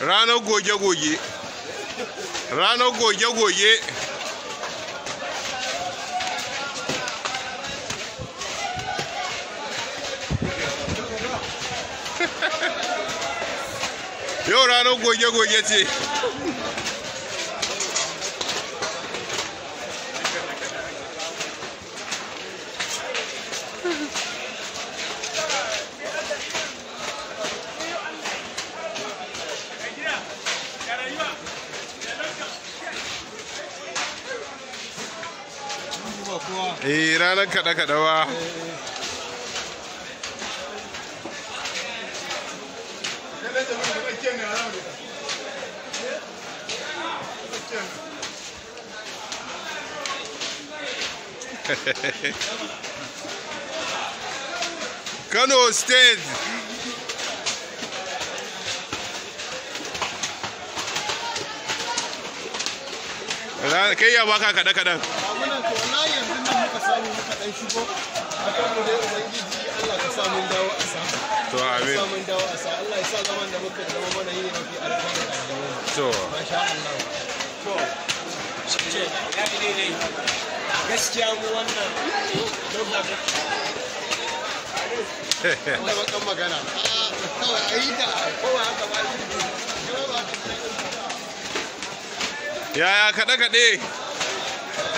ranar goge-goge ranar goge-goge yau ranar goge-goge ce eh ranar kada ba. Kano State. Kai yawa ka kaɗe-kaɗen. amma yanzu nan muka samu muka dan shigo a kan mu dai ubangiji Allah ka samu dawo a sa to amin samu dawo a sa Allah ya sa zaman da muka zama mana yi ne mafi to masha Allah to ya ne ne gaskiya mu wannan dabba ka bakan magana kawai a yi haka ba yaya kaɗe-kaɗe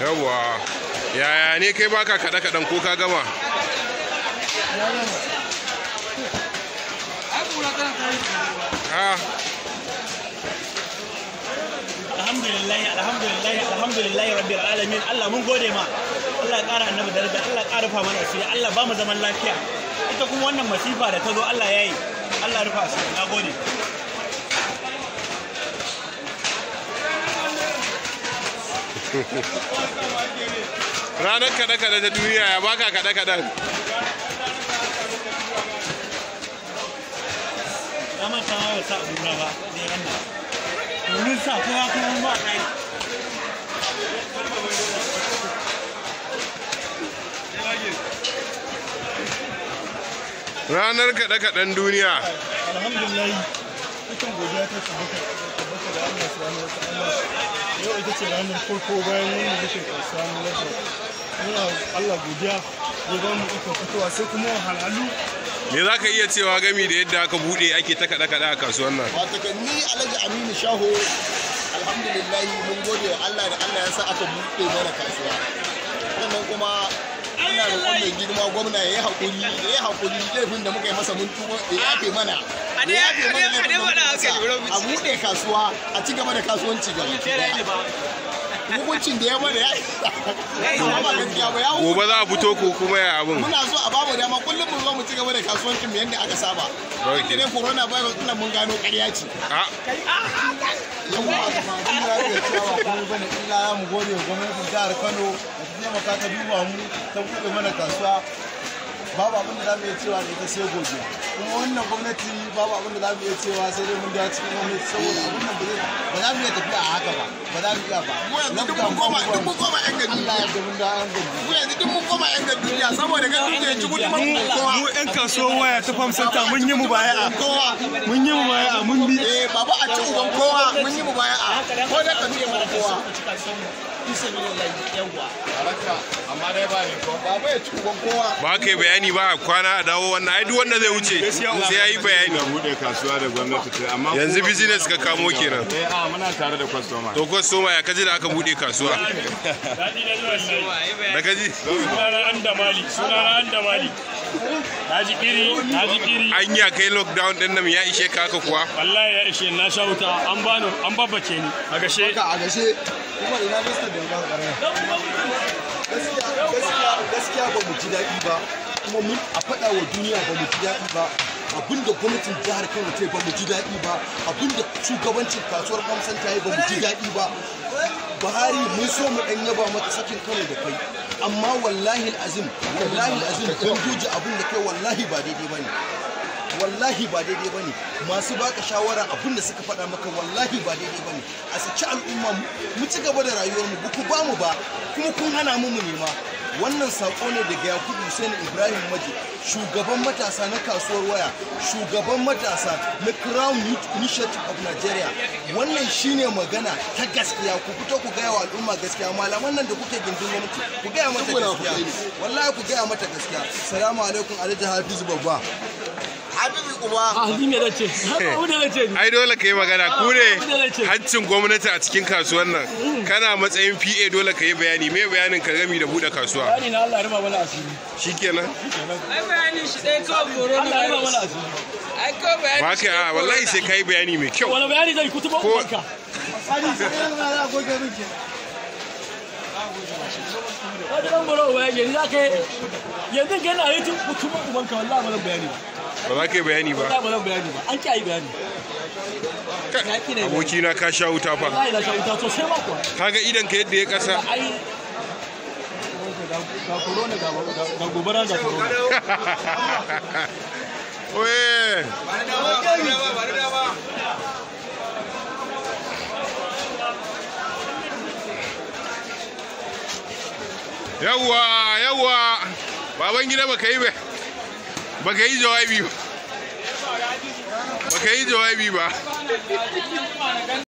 yawwa yaya ne kai baka kada-kadan ko ka gama alhamdulillahi alhamdulillahi alhamdulillahi rabbil alamin Allah mun gode ma Allah ƙara annabi daraja Allah ƙara fa mana asiri Allah ba mu zaman lafiya ita kuma wannan masifa da ta zo Allah yayi Allah rufa su na gode ranar kada-kada da duniya ya baka kada-kada ranar kada sa kowa duniya alhamdulillah ita godiya ta tabbata da Allah subhanahu wa ta'ala yau ita ce ranar farko bayan wannan rashin kasuwa samun lafiya muna allah godiya ya ba mu ikon fitowa sai kuma wahalhalu me za ka iya cewa gami da yadda aka buɗe ake ta kaɗa-kaɗa a kasuwan nan wata ni alhaji aminu shaho alhamdulillahi mun gode wa allah da allah ya sa aka buɗe mana kasuwa sannan kuma ina da wannan girma gwamna ya yi haƙuri ya yi haƙuri laifin da muka yi masa mun tuba da yafe mana a buɗe kasuwa a ci gaba da kasuwanci gaba hukuncin da ya bada ya gobe za a fito ko kuma ya abin muna so a babu dama kullum mu zo mu ci gaba da kasuwancin mu yadda aka saba kake ne corona virus din mun gano ƙarya ce a ah. yawa ba mun ya ce ba kuma bane illa za mu gode wa gwamnatin jihar Kano da ta taimaka ta duba mu ta buɗe mana kasuwa babu abin da za mu iya cewa da ita sai godiya kuma wannan gwamnati babu abin da za mu iya cewa sai dai mun dawo cikin gwamnati saboda abin nan ba za mu iya tafiya a haka ba ba za mu iya ba mu yanzu duk mun koma duk mun koma yan gandu Allah ya mun dawo yan gandu mu yanzu duk mun koma yan gandu ya saboda ga duk yanzu mun kowa mu yan kasuwar waya ta center mun yi mu baya kowa mun yi mu baya mun bi eh baba a ci uban kowa mun yi mu baya ko da ka mu kowa isa min lillahi yawa baraka amma dai ba ne ko ba bai tuba kowa ba kai bayani ba kwana a dawo wannan ai duk wanda zai wuce sai yayi bayani na bude kasuwa da gwamnati ce amma yanzu business ka kamo kenan eh a muna tare da customer to customer ya kaji da aka bude kasuwa dadi da zuwa sai da kaji sunana andamali sunana andamali Haji kiri, haji kiri. An ya kai lockdown din nan ya ishe ka haka kuwa? Wallahi ya ishe na sha wuta an ba an babbace ni. A gashe. A gashe. kuma ina mista da yamma gaskiya gaskiya ba mu ji daɗi ba kuma mun a faɗa wa duniya ba mu ji daɗi ba abinda gwamnatin jihar kano ta ba mu ji daɗi ba abinda shugabancin kasuwar kwamsan ta yi ba mu ji daɗi ba buhari mun so mu ɗan yaba mata sakin kano da kai amma wallahi azim wallahi azim don guji abin da kai wallahi ba daidai ba ne wallahi ba daidai bane masu baka shawara abin da suka faɗa maka wallahi ba daidai bane a saci al'umma mu ci gaba da rayuwar mu ku ba mu ba kuma kun hana mu mu nema wannan sako ne daga yakubu hussein ibrahim maji shugaban matasa na kasuwar waya shugaban matasa na crown youth initiative of nigeria wannan shine magana ta gaskiya ku fito ku gaya wa al'umma gaskiya malaman nan da kuke gindin gwamnati ku gaya mata gaskiya wallahi ku gaya mata gaskiya salamu alaikum alhaji hafizu babba habibu uba ah, eh. habibu ne nace habibu ne nace ai dole kai magana ah, ku ne hancin gwamnati a cikin kasuwar nan mm. kana matsayin PA dole kai bayani me bayanin ka gami da buɗe kasuwa bayani na Allah riba mana asiri shikenan ai bayanin shi dai kawai goro Allah riba mana asiri ai kawai bayani ba kai ah, wallahi sai kai bayani mai kyau wala bayani zai kutuba ka wani ɗan baro wa yanzu za ka yanzu gani a yanzu mutumin ubanka wallah ba zan bayani ba ba za ka yi bayani ba ba zan bayani ba an ki a yi bayani aboki na ka sha wuta fa kaga idan ka yadda ya kasa ga gobara ga corona oye ba da ba ba da ba yawwa yawwa baban gida baka yi baka yi jawabi ba baka yi jawabi ba